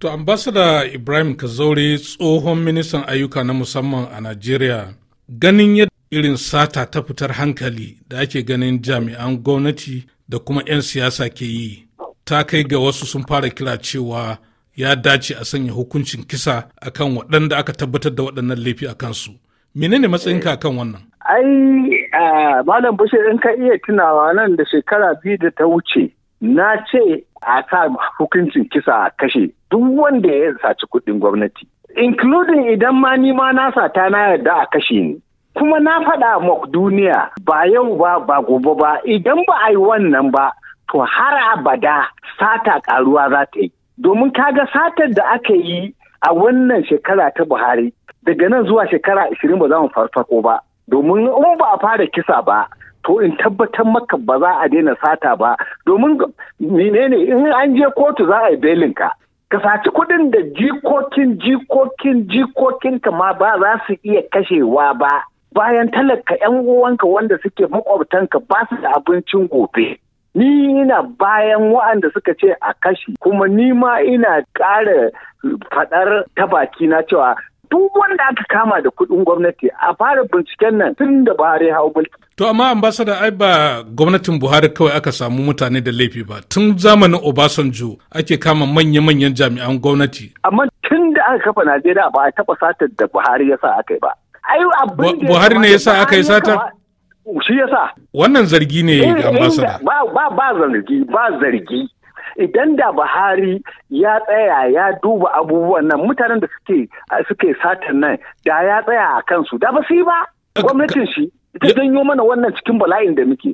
To ambasada Ibrahim Kazaure tsohon ministan ayyuka na musamman a Najeriya ganin yadda irin sata ta fitar hankali da ake ganin jami'an gwamnati da kuma 'yan siyasa ke yi ta kai ga wasu sun fara kira cewa ya dace a sanya hukuncin kisa akan waɗanda aka tabbatar da waɗannan laifi a kansu. Menene matsayinka akan wannan? Ai, Malam Bashir in ka iya tunawa nan da shekara biyu da ta wuce, na ce a sa hukuncin kisa kashe duk wanda ya saci kuɗin gwamnati. Including idan ma ni ma na sata na yarda a kashe ni. Kuma na faɗa ma duniya ba yau ba ba gobe ba idan ba a yi wannan ba to har abada sata ƙaruwa za ta yi. Domin kaga satar da aka yi a wannan shekara ta Buhari daga nan zuwa shekara 20 ba za mu farfako ba. Domin in ba a fara kisa ba to in tabbatar maka ba za a daina sata ba domin menene in an je kotu za a yi belin ka ka saci kuɗin da jikokin jikokin jikokin ma ba za su iya kashewa ba bayan talaka yan uwanka wanda suke makwabtanka ba su da abincin gobe ni ina bayan wa'anda suka ce a kashi kuma ni ma ina ƙara faɗar ta baki na cewa duk wanda aka kama da kuɗin gwamnati a fara binciken nan tun da Buhari hau mulki. To amma ambasada ai ba gwamnatin Buhari kawai aka samu mutane da laifi ba tun zamanin Obasanjo ake kama manya-manyan jami'an gwamnati. Amma tun da aka kafa Najeriya ba a taɓa satar da Buhari ya sa aka yi ba. Ai abin Buhari ne ya sa aka yi satar? Shi ya sa. Wannan zargi ne eh, eh, ambasada. ba zargi ba zargi. idan da buhari ya tsaya ya duba abubuwan nan mutanen da suke suke satan nan da ya tsaya a kansu da ba su yi ba gwamnatin shi ita janyo mana wannan cikin bala'in da muke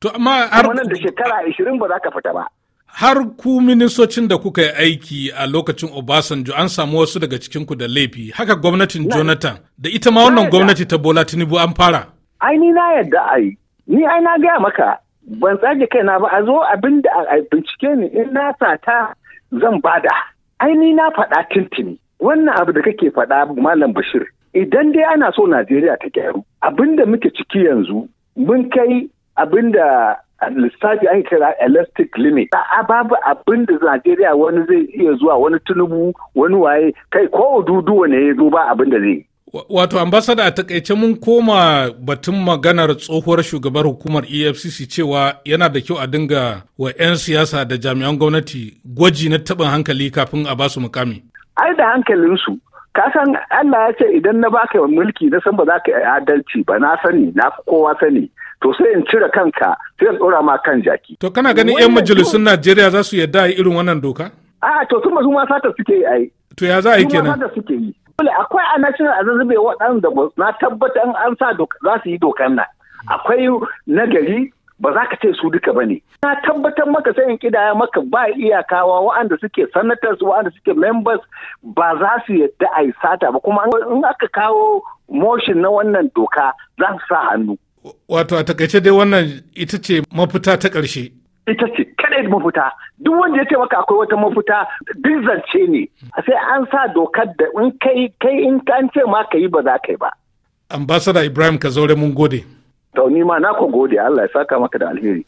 to amma har nan da shekara 20 ba za ka fita ba har ku ministocin da kuka yi aiki a lokacin Obasanjo an samu wasu daga cikinku da laifi haka gwamnatin Jonathan da ita ma wannan gwamnati ta Bola Tinubu an fara. Ai ni na yadda ai, ni ai na gaya maka ban tsage kaina ba a zo abin da a bincike ni in na sata zan bada aini na faɗa tintini wannan abu da kake faɗa malam bashir idan dai ana so najeriya ta gyaru abin da muke ciki yanzu mun kai abin da lissafi an kira elastic limit a babu abin da najeriya wani zai iya zuwa wani tunubu wani waye kai ko dudu ne ya zo ba abin da zai wato ambasada a takaice mun koma batun maganar tsohuwar shugabar hukumar efcc cewa yana da kyau a dinga wa 'yan siyasa da jami'an gwamnati gwaji na taɓin hankali kafin a ba su mukami ai da hankalinsu kasan allah ya ce idan na baka mulki na san ba za ka yi adalci ba na sani na kowa sani to sai in cire kanka sai in ɗora ma kan jaki to kana ganin 'yan majalisun najeriya za su yarda irin wannan doka a'a to su ma sata suke yi a yi. to ya za a yi kenan suke yi akwai a national azazube waɗanda na in an sa za su yi dokan nan akwai nagari ba za ka ce su duka ba ne. Na tabbatar maka sai kidaya maka ba iyakawa waɗanda suke senators waɗanda suke members ba za su yadda a yi sata ba kuma in aka kawo motion na wannan doka za su sa hannu. Wato a takaice dai wannan ita ce mafita ta ƙarshe. ita ce kadai mafuta duk wanda ya ce maka akwai wata mafuta duk zance ne sai an sa dokar da in kai kai in kan ce ma ka yi ba za ka yi ba ambasada ibrahim ka zaure mun gode tauni ma na ku gode allah ya saka maka da alheri